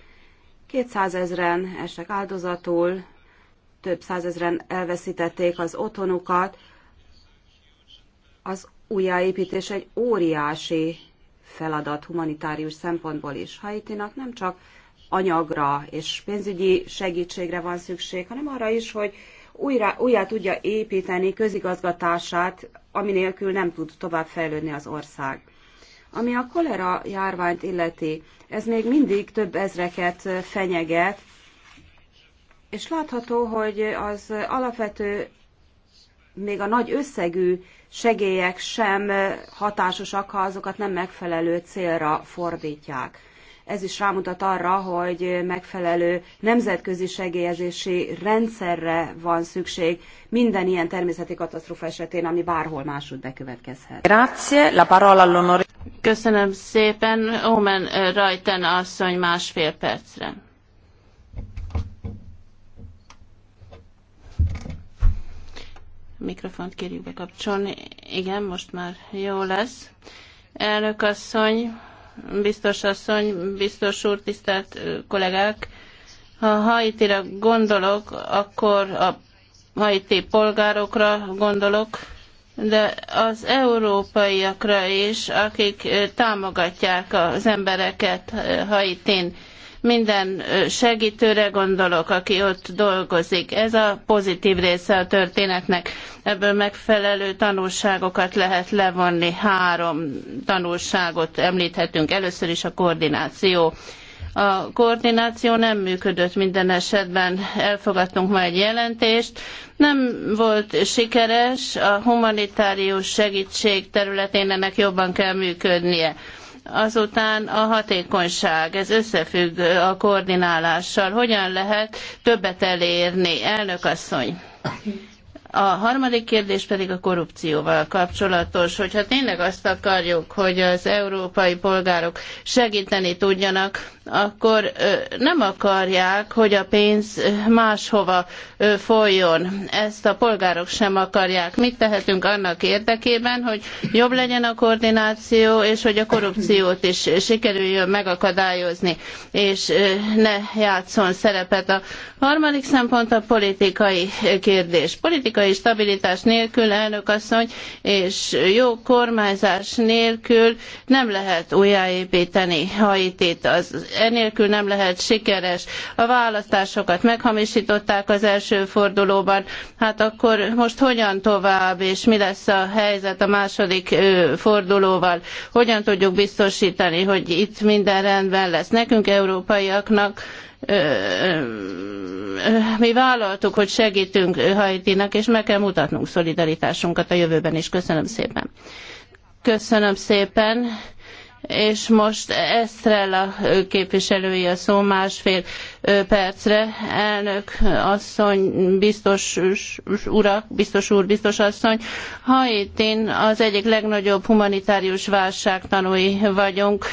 200 ezeren esek áldozatul, több százezren elveszítették az otthonukat. Az újjáépítés egy óriási feladat humanitárius szempontból is. Haitinak nem csak anyagra és pénzügyi segítségre van szükség, hanem arra is, hogy újra, újra tudja építeni közigazgatását, aminélkül nem tud tovább fejlődni az ország. Ami a kolera járványt illeti, ez még mindig több ezreket fenyeget, és látható, hogy az alapvető, még a nagy összegű segélyek sem hatásosak, ha azokat nem megfelelő célra fordítják ez is rámutat arra, hogy megfelelő nemzetközi segélyezési rendszerre van szükség minden ilyen természeti katasztrófa esetén, ami bárhol máshogy bekövetkezhet. Grazie, la parola all'onore. Köszönöm szépen, Omen Rajten asszony másfél percre. mikrofont kérjük bekapcsolni. Igen, most már jó lesz. Elnök asszony, biztos asszony, biztos úr, tisztelt kollégák. Ha Haitira gondolok, akkor a haiti polgárokra gondolok, de az európaiakra is, akik támogatják az embereket Haitin minden segítőre gondolok, aki ott dolgozik. Ez a pozitív része a történetnek. Ebből megfelelő tanulságokat lehet levonni. Három tanulságot említhetünk. Először is a koordináció. A koordináció nem működött minden esetben. Elfogadtunk ma egy jelentést. Nem volt sikeres, a humanitárius segítség területén ennek jobban kell működnie Azután a hatékonyság, ez összefügg a koordinálással. Hogyan lehet többet elérni, elnök asszony? A harmadik kérdés pedig a korrupcióval kapcsolatos, hogyha tényleg azt akarjuk, hogy az európai polgárok segíteni tudjanak, akkor nem akarják, hogy a pénz máshova folyjon. Ezt a polgárok sem akarják. Mit tehetünk annak érdekében, hogy jobb legyen a koordináció, és hogy a korrupciót is sikerüljön megakadályozni, és ne játszon szerepet. A harmadik szempont a politikai kérdés. Politikai politikai stabilitás nélkül, elnök asszony, és jó kormányzás nélkül nem lehet újjáépíteni Haitit. Az, enélkül nem lehet sikeres. A választásokat meghamisították az első fordulóban. Hát akkor most hogyan tovább, és mi lesz a helyzet a második fordulóval? Hogyan tudjuk biztosítani, hogy itt minden rendben lesz? Nekünk, európaiaknak mi vállaltuk, hogy segítünk Haitinak, és meg kell mutatnunk szolidaritásunkat a jövőben is. Köszönöm szépen. Köszönöm szépen és most Estrella képviselői a szó másfél percre. Elnök asszony, biztos urak, biztos úr, biztos asszony, Haitin az egyik legnagyobb humanitárius válság tanúi vagyunk.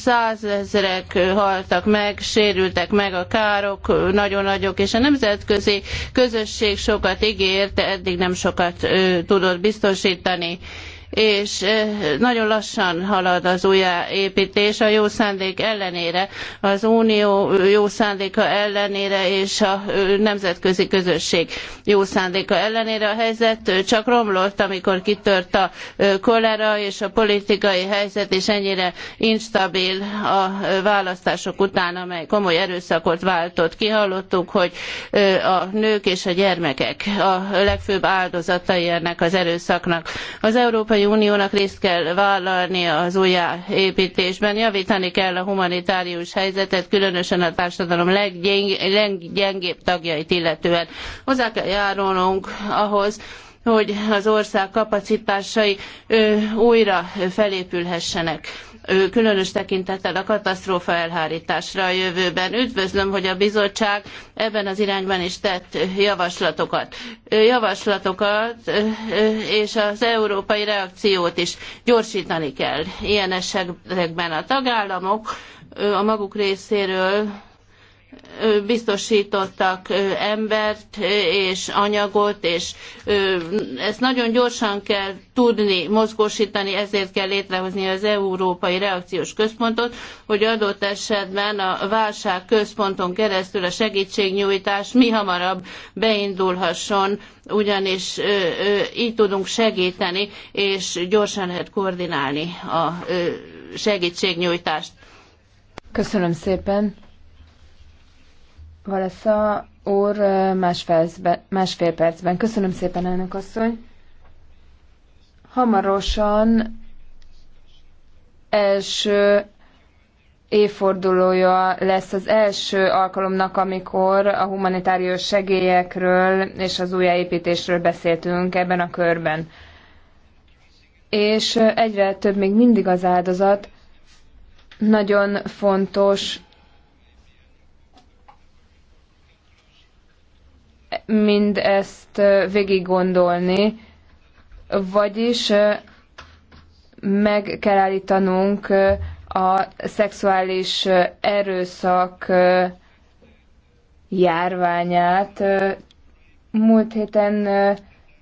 Százezrek haltak meg, sérültek meg a károk, nagyon nagyok, és a nemzetközi közösség sokat ígért, eddig nem sokat tudott biztosítani és eh, nagyon lassan halad az újjáépítés a jó szándék ellenére, az unió jó szándéka ellenére és a eh, nemzetközi közösség jó szándéka ellenére. A helyzet eh, csak romlott, amikor kitört a kolera, és a politikai helyzet is ennyire instabil a választások után, amely komoly erőszakot váltott. Kihallottuk, hogy a nők és a gyermekek a legfőbb áldozatai ennek az erőszaknak. Az Európai Európai Uniónak részt kell vállalnia az újjáépítésben, javítani kell a humanitárius helyzetet, különösen a társadalom leggyengébb tagjait illetően. Hozzá kell járulnunk ahhoz, hogy az ország kapacitásai újra felépülhessenek különös tekintettel a katasztrófa elhárításra a jövőben. Üdvözlöm, hogy a bizottság ebben az irányban is tett javaslatokat. Javaslatokat és az európai reakciót is gyorsítani kell. Ilyen esetekben a tagállamok a maguk részéről biztosítottak embert és anyagot, és ezt nagyon gyorsan kell tudni mozgósítani, ezért kell létrehozni az Európai Reakciós Központot, hogy adott esetben a válság központon keresztül a segítségnyújtás mi hamarabb beindulhasson, ugyanis így tudunk segíteni, és gyorsan lehet koordinálni a segítségnyújtást. Köszönöm szépen. Valesza úr másfél percben. Köszönöm szépen, elnök asszony. Hamarosan első évfordulója lesz az első alkalomnak, amikor a humanitárius segélyekről és az újjáépítésről beszéltünk ebben a körben. És egyre több még mindig az áldozat. Nagyon fontos ezt végig gondolni, vagyis meg kell állítanunk a szexuális erőszak járványát. Múlt héten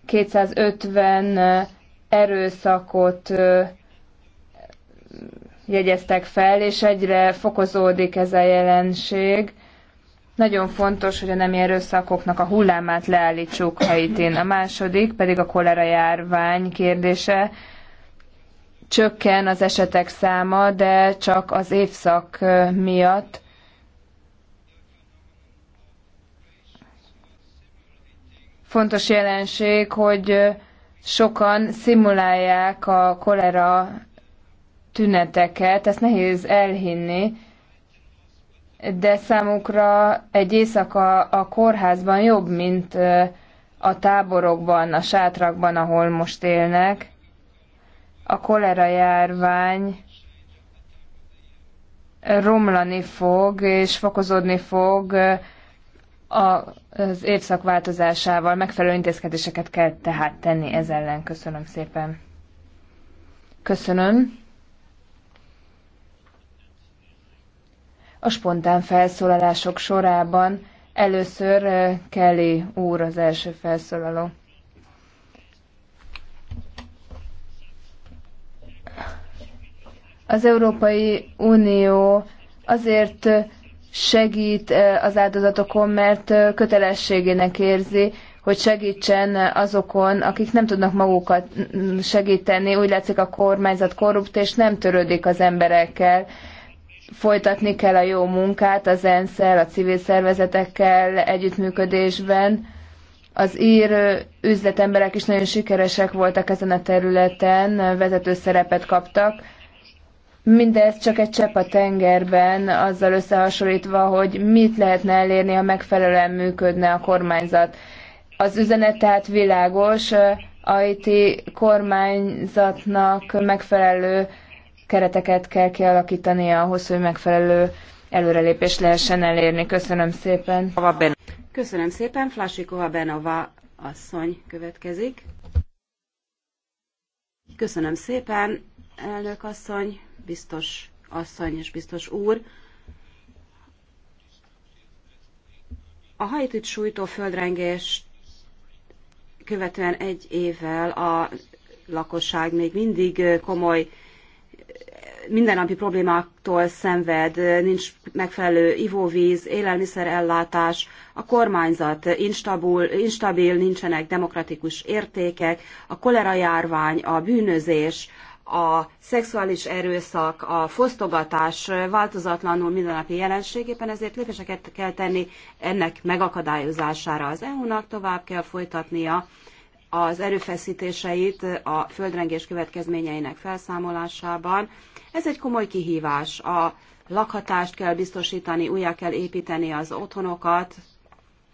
250 erőszakot jegyeztek fel, és egyre fokozódik ez a jelenség. Nagyon fontos, hogy a nemi erőszakoknak a hullámát leállítsuk Haitén. A második pedig a kolera járvány kérdése. Csökken az esetek száma, de csak az évszak miatt. Fontos jelenség, hogy sokan szimulálják a kolera tüneteket, ezt nehéz elhinni, de számukra egy éjszaka a kórházban jobb, mint a táborokban, a sátrakban, ahol most élnek. A kolera járvány romlani fog, és fokozódni fog az évszak változásával. Megfelelő intézkedéseket kell tehát tenni ez ellen. Köszönöm szépen. Köszönöm. a spontán felszólalások sorában. Először Kelly úr az első felszólaló. Az Európai Unió azért segít az áldozatokon, mert kötelességének érzi, hogy segítsen azokon, akik nem tudnak magukat segíteni. Úgy látszik a kormányzat korrupt, és nem törődik az emberekkel folytatni kell a jó munkát az ensz a civil szervezetekkel együttműködésben. Az ír üzletemberek is nagyon sikeresek voltak ezen a területen, vezető szerepet kaptak. Mindez csak egy csepp a tengerben, azzal összehasonlítva, hogy mit lehetne elérni, ha megfelelően működne a kormányzat. Az üzenet tehát világos, a IT kormányzatnak megfelelő kereteket kell kialakítani ahhoz, hogy megfelelő előrelépést lehessen elérni. Köszönöm szépen. Köszönöm szépen. Flasikova Benova asszony következik. Köszönöm szépen, elnök asszony, biztos asszony és biztos úr. A hajtűt sújtó földrengés követően egy évvel a lakosság még mindig komoly mindennapi problémáktól szenved, nincs megfelelő ivóvíz, élelmiszerellátás, a kormányzat instabil, instabil, nincsenek demokratikus értékek, a kolera járvány, a bűnözés, a szexuális erőszak, a fosztogatás változatlanul mindennapi jelenség, éppen ezért lépéseket kell tenni ennek megakadályozására. Az EU-nak tovább kell folytatnia az erőfeszítéseit a földrengés következményeinek felszámolásában, ez egy komoly kihívás. A lakhatást kell biztosítani, újra kell építeni az otthonokat,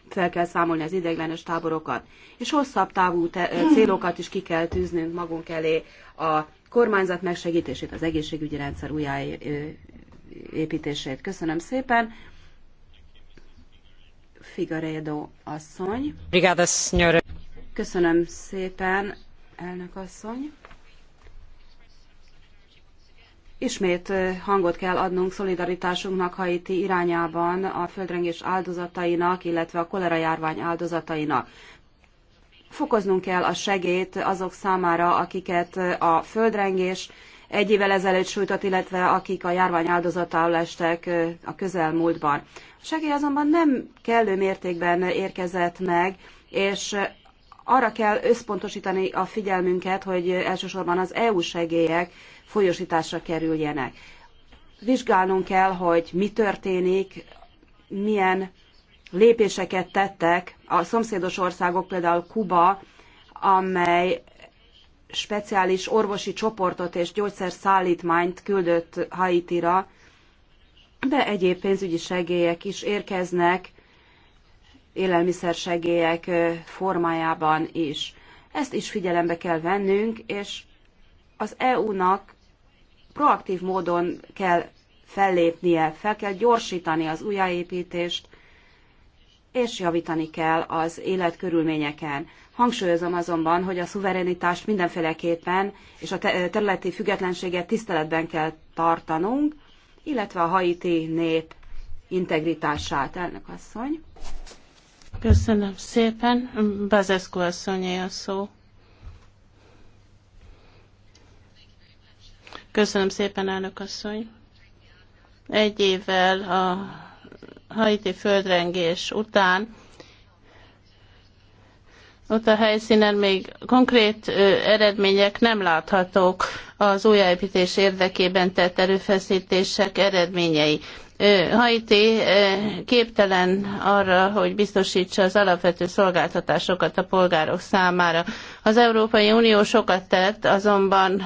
fel kell számolni az ideiglenes táborokat, és hosszabb távú célokat is ki kell tűznünk magunk elé, a kormányzat megsegítését, az egészségügyi rendszer újjáépítését. Köszönöm szépen. Figaredo asszony. Köszönöm szépen, elnök asszony. Ismét hangot kell adnunk szolidaritásunknak Haiti irányában a földrengés áldozatainak, illetve a kolera járvány áldozatainak. Fokoznunk kell a segét azok számára, akiket a földrengés egy évvel ezelőtt sújtott, illetve akik a járvány áldozatául estek a közelmúltban. A segély azonban nem kellő mértékben érkezett meg, és arra kell összpontosítani a figyelmünket, hogy elsősorban az EU segélyek folyosításra kerüljenek. Vizsgálnunk kell, hogy mi történik, milyen lépéseket tettek a szomszédos országok, például Kuba, amely speciális orvosi csoportot és gyógyszerszállítmányt küldött Haitira, de egyéb pénzügyi segélyek is érkeznek, élelmiszersegélyek formájában is. Ezt is figyelembe kell vennünk, és az EU-nak proaktív módon kell fellépnie, fel kell gyorsítani az újjáépítést, és javítani kell az életkörülményeken. Hangsúlyozom azonban, hogy a szuverenitást mindenféleképpen és a területi függetlenséget tiszteletben kell tartanunk, illetve a haiti nép integritását. Elnök asszony. Köszönöm szépen. Bazeszko asszonyé a szó. Köszönöm szépen, elnök asszony. Egy évvel a haiti földrengés után ott a helyszínen még konkrét eredmények nem láthatók az újjáépítés érdekében tett erőfeszítések eredményei. Haiti képtelen arra, hogy biztosítsa az alapvető szolgáltatásokat a polgárok számára. Az Európai Unió sokat tett, azonban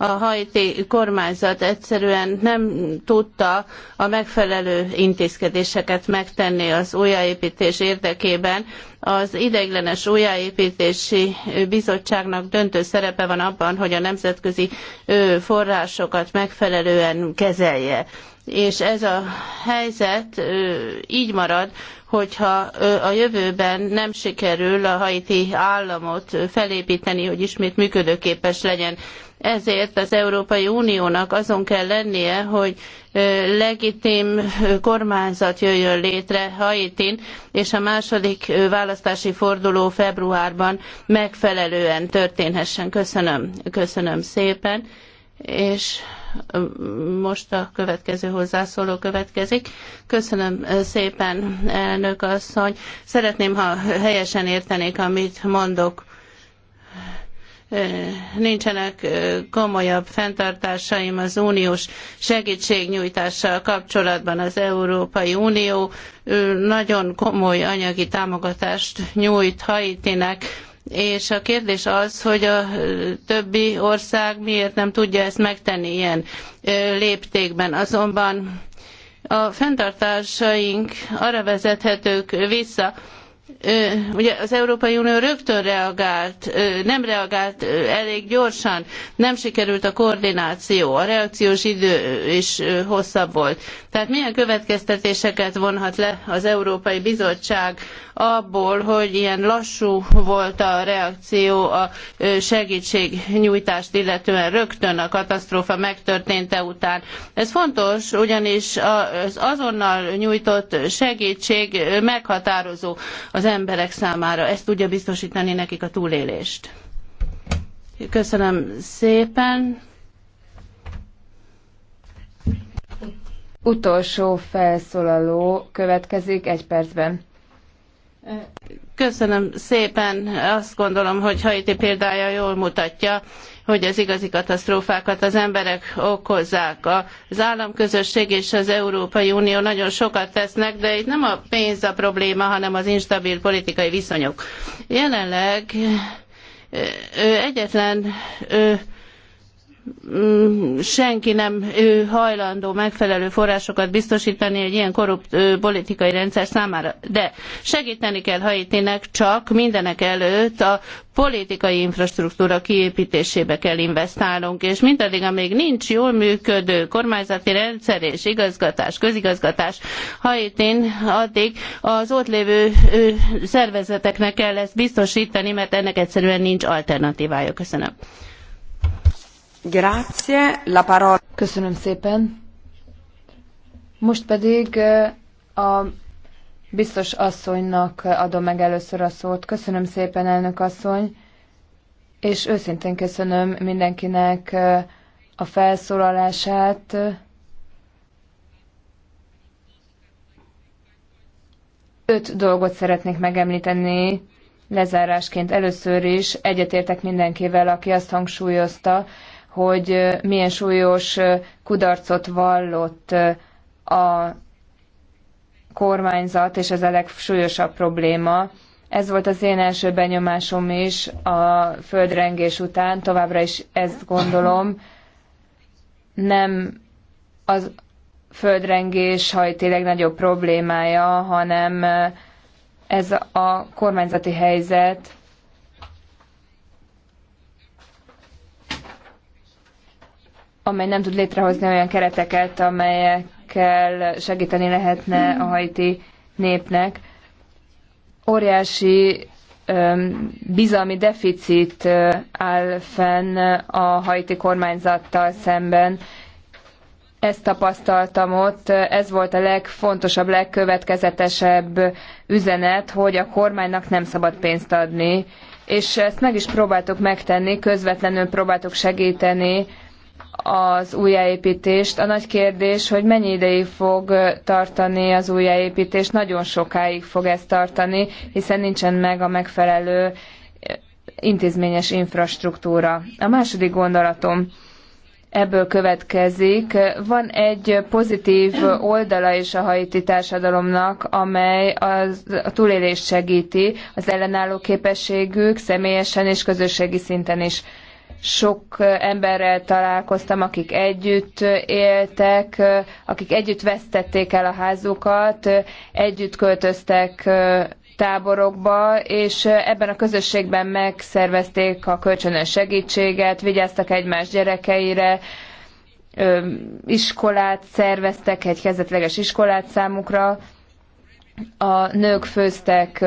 a haiti kormányzat egyszerűen nem tudta a megfelelő intézkedéseket megtenni az újjáépítés érdekében. Az ideiglenes újjáépítési bizottságnak döntő szerepe van abban, hogy a nemzetközi forrásokat megfelelően kezelje és ez a helyzet így marad, hogyha a jövőben nem sikerül a haiti államot felépíteni, hogy ismét működőképes legyen. Ezért az Európai Uniónak azon kell lennie, hogy legitim kormányzat jöjjön létre Haitin, és a második választási forduló februárban megfelelően történhessen. Köszönöm, köszönöm szépen. És most a következő hozzászóló következik. Köszönöm szépen, elnök asszony. Szeretném, ha helyesen értenék, amit mondok nincsenek komolyabb fenntartásaim az uniós segítségnyújtással kapcsolatban. Az Európai Unió nagyon komoly anyagi támogatást nyújt Haitinek, és a kérdés az, hogy a többi ország miért nem tudja ezt megtenni ilyen léptékben. Azonban a fenntartásaink arra vezethetők vissza, ugye az Európai Unió rögtön reagált, nem reagált elég gyorsan, nem sikerült a koordináció, a reakciós idő is hosszabb volt. Tehát milyen következtetéseket vonhat le az Európai Bizottság abból, hogy ilyen lassú volt a reakció a segítségnyújtást, illetően rögtön a katasztrófa megtörténte után. Ez fontos, ugyanis az azonnal nyújtott segítség meghatározó az emberek számára. ezt tudja biztosítani nekik a túlélést. Köszönöm szépen. Utolsó felszólaló következik egy percben. Köszönöm szépen. Azt gondolom, hogy Haiti példája jól mutatja, hogy az igazi katasztrófákat az emberek okozzák. Az államközösség és az Európai Unió nagyon sokat tesznek, de itt nem a pénz a probléma, hanem az instabil politikai viszonyok. Jelenleg egyetlen senki nem hajlandó megfelelő forrásokat biztosítani egy ilyen korrupt politikai rendszer számára. De segíteni kell Haitinek csak mindenek előtt a politikai infrastruktúra kiépítésébe kell investálnunk, és mindaddig, amíg nincs jól működő kormányzati rendszer és igazgatás, közigazgatás Haitin, addig az ott lévő szervezeteknek kell ezt biztosítani, mert ennek egyszerűen nincs alternatívája. Köszönöm. Grazie, la parola. Köszönöm szépen. Most pedig eh, a biztos asszonynak adom meg először a szót. Köszönöm szépen, elnök asszony, és őszintén köszönöm mindenkinek eh, a felszólalását. Öt dolgot szeretnék megemlíteni lezárásként. Először is egyetértek mindenkivel, aki azt hangsúlyozta, hogy milyen súlyos kudarcot vallott a kormányzat, és ez a legsúlyosabb probléma. Ez volt az én első benyomásom is a földrengés után, továbbra is ezt gondolom. Nem az földrengés tényleg nagyobb problémája, hanem ez a kormányzati helyzet, amely nem tud létrehozni olyan kereteket, amelyekkel segíteni lehetne a haiti népnek. Óriási bizalmi deficit áll fenn a haiti kormányzattal szemben. Ezt tapasztaltam ott, ez volt a legfontosabb, legkövetkezetesebb üzenet, hogy a kormánynak nem szabad pénzt adni. És ezt meg is próbáltuk megtenni, közvetlenül próbáltuk segíteni az újjáépítést. A nagy kérdés, hogy mennyi ideig fog tartani az újjáépítés, nagyon sokáig fog ez tartani, hiszen nincsen meg a megfelelő intézményes infrastruktúra. A második gondolatom ebből következik. Van egy pozitív oldala is a haiti társadalomnak, amely az, a túlélést segíti, az ellenálló képességük személyesen és közösségi szinten is sok emberrel találkoztam, akik együtt éltek, akik együtt vesztették el a házukat, együtt költöztek táborokba, és ebben a közösségben megszervezték a kölcsönös segítséget, vigyáztak egymás gyerekeire, iskolát szerveztek, egy kezdetleges iskolát számukra. A nők főztek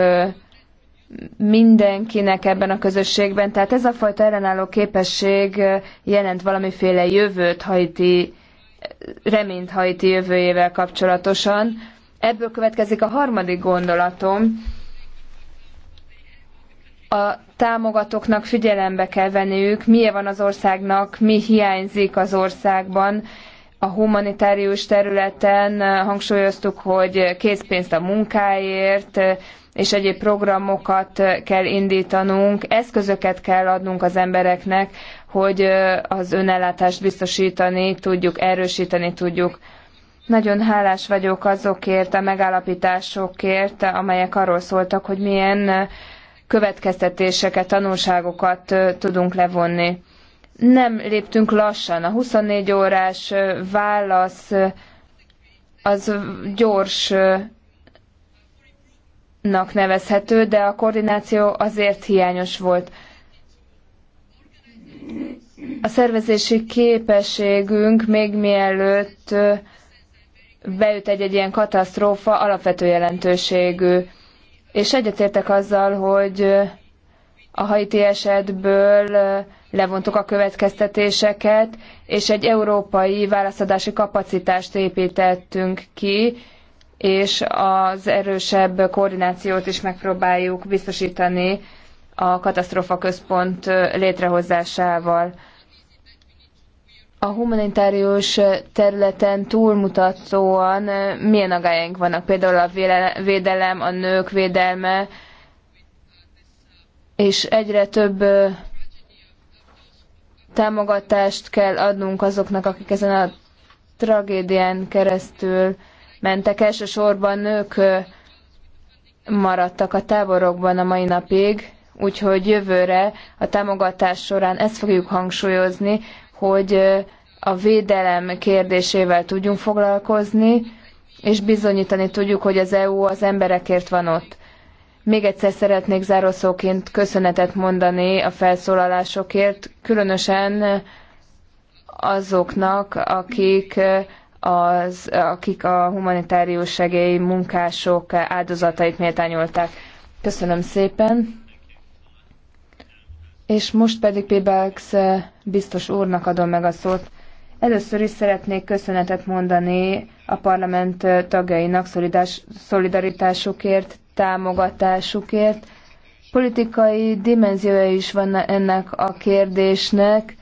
mindenkinek ebben a közösségben. Tehát ez a fajta ellenálló képesség jelent valamiféle jövőt hajti, reményt hajti jövőjével kapcsolatosan. Ebből következik a harmadik gondolatom. A támogatóknak figyelembe kell venniük, milyen van az országnak, mi hiányzik az országban, a humanitárius területen hangsúlyoztuk, hogy készpénzt a munkáért, és egyéb programokat kell indítanunk, eszközöket kell adnunk az embereknek, hogy az önellátást biztosítani tudjuk, erősíteni tudjuk. Nagyon hálás vagyok azokért a megállapításokért, amelyek arról szóltak, hogy milyen következtetéseket, tanulságokat tudunk levonni. Nem léptünk lassan. A 24 órás válasz az gyors nak nevezhető, de a koordináció azért hiányos volt. A szervezési képességünk még mielőtt beüt egy-egy ilyen katasztrófa alapvető jelentőségű. És egyetértek azzal, hogy a haiti esetből levontuk a következtetéseket, és egy európai válaszadási kapacitást építettünk ki, és az erősebb koordinációt is megpróbáljuk biztosítani a katasztrófa központ létrehozásával. A humanitárius területen túlmutatóan milyen agályánk vannak? Például a védelem, a nők védelme, és egyre több támogatást kell adnunk azoknak, akik ezen a tragédián keresztül mentek, elsősorban nők maradtak a táborokban a mai napig, úgyhogy jövőre a támogatás során ezt fogjuk hangsúlyozni, hogy a védelem kérdésével tudjunk foglalkozni, és bizonyítani tudjuk, hogy az EU az emberekért van ott. Még egyszer szeretnék zárószóként köszönetet mondani a felszólalásokért, különösen azoknak, akik az, akik a humanitárius segély munkások áldozatait méltányolták. Köszönöm szépen. És most pedig Pibax biztos úrnak adom meg a szót. Először is szeretnék köszönetet mondani a parlament tagjainak szolidaritásukért, támogatásukért. Politikai dimenziója is van ennek a kérdésnek,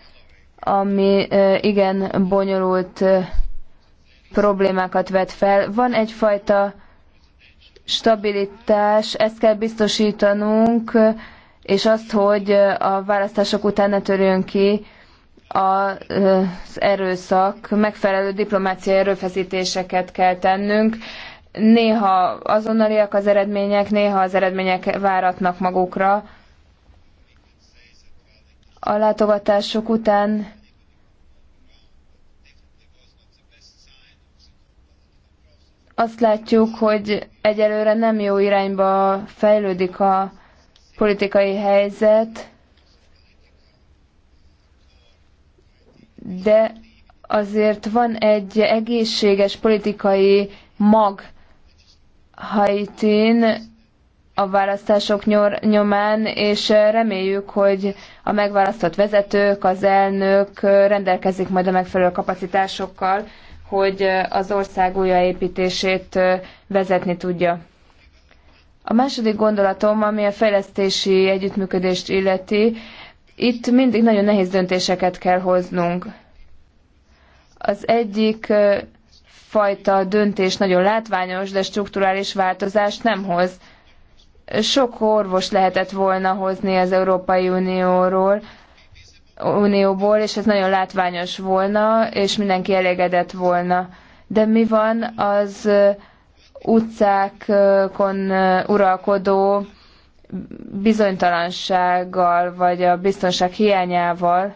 ami eh, igen bonyolult eh, problémákat vet fel. Van egyfajta stabilitás, ezt kell biztosítanunk, és azt, hogy a választások után ne törjön ki az erőszak, megfelelő diplomáciai erőfeszítéseket kell tennünk. Néha azonnaliak az eredmények, néha az eredmények váratnak magukra. A látogatások után azt látjuk, hogy egyelőre nem jó irányba fejlődik a politikai helyzet, de azért van egy egészséges politikai mag Haitin a választások nyomán, és reméljük, hogy a megválasztott vezetők, az elnök rendelkezik majd a megfelelő kapacitásokkal, hogy az ország újraépítését vezetni tudja. A második gondolatom, ami a fejlesztési együttműködést illeti, itt mindig nagyon nehéz döntéseket kell hoznunk. Az egyik fajta döntés nagyon látványos, de strukturális változást nem hoz. Sok orvos lehetett volna hozni az Európai Unióról, Unióból, és ez nagyon látványos volna, és mindenki elégedett volna. De mi van az utcákon uralkodó bizonytalansággal, vagy a biztonság hiányával?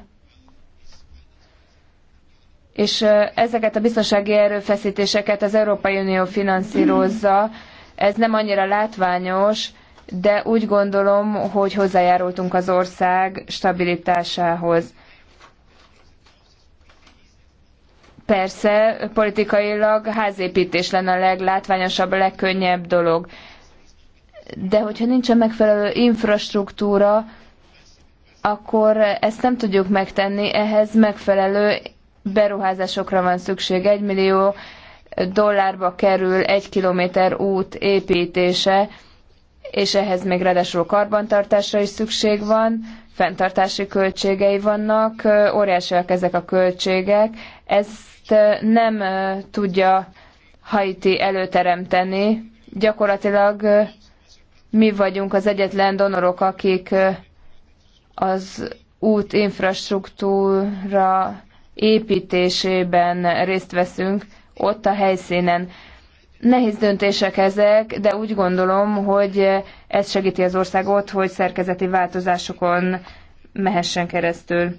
És ezeket a biztonsági erőfeszítéseket az Európai Unió finanszírozza, ez nem annyira látványos, de úgy gondolom, hogy hozzájárultunk az ország stabilitásához. Persze, politikailag házépítés lenne a leglátványosabb, a legkönnyebb dolog. De hogyha nincsen megfelelő infrastruktúra, akkor ezt nem tudjuk megtenni, ehhez megfelelő beruházásokra van szükség. Egy millió dollárba kerül egy kilométer út építése, és ehhez még ráadásul karbantartásra is szükség van, fenntartási költségei vannak, óriásiak ezek a költségek. Ezt nem tudja Haiti előteremteni. Gyakorlatilag mi vagyunk az egyetlen donorok, akik az út infrastruktúra építésében részt veszünk ott a helyszínen. Nehéz döntések ezek, de úgy gondolom, hogy ez segíti az országot, hogy szerkezeti változásokon mehessen keresztül.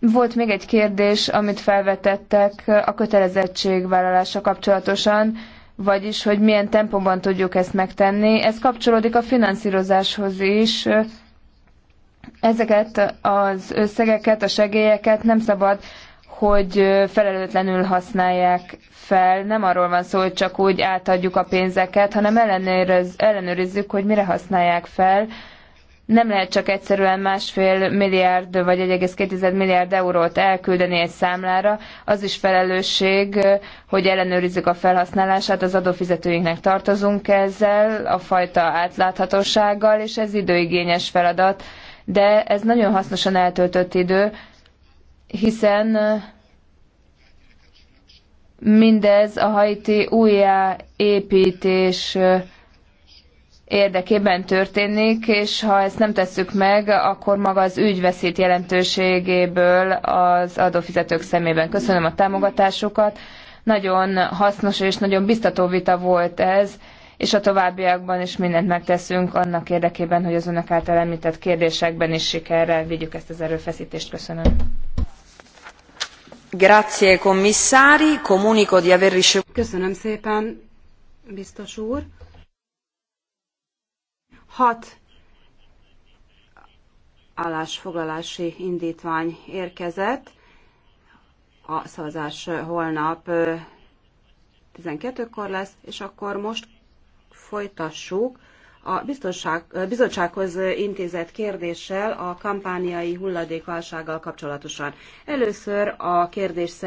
Volt még egy kérdés, amit felvetettek a kötelezettségvállalása kapcsolatosan, vagyis hogy milyen tempóban tudjuk ezt megtenni. Ez kapcsolódik a finanszírozáshoz is. Ezeket az összegeket, a segélyeket nem szabad, hogy felelőtlenül használják fel. Nem arról van szó, hogy csak úgy átadjuk a pénzeket, hanem ellenőriz, ellenőrizzük, hogy mire használják fel. Nem lehet csak egyszerűen másfél milliárd vagy 1,2 milliárd eurót elküldeni egy számlára. Az is felelősség, hogy ellenőrizzük a felhasználását, az adófizetőinknek tartozunk ezzel, a fajta átláthatósággal, és ez időigényes feladat. De ez nagyon hasznosan eltöltött idő, hiszen Mindez a haiti újjáépítés érdekében történik, és ha ezt nem tesszük meg, akkor maga az ügy veszít jelentőségéből az adófizetők szemében. Köszönöm a támogatásukat. Nagyon hasznos és nagyon biztató vita volt ez, és a továbbiakban is mindent megteszünk annak érdekében, hogy az önök által említett kérdésekben is sikerrel vigyük ezt az erőfeszítést. Köszönöm. Grazie, commissari. Comunico di aver ricevuto... Köszönöm szépen, biztos úr. Hat állásfoglalási indítvány érkezett. A szavazás holnap 12-kor lesz, és akkor most folytassuk a bizottsághoz intézett kérdéssel a kampániai hulladékválsággal kapcsolatosan. Először a kérdés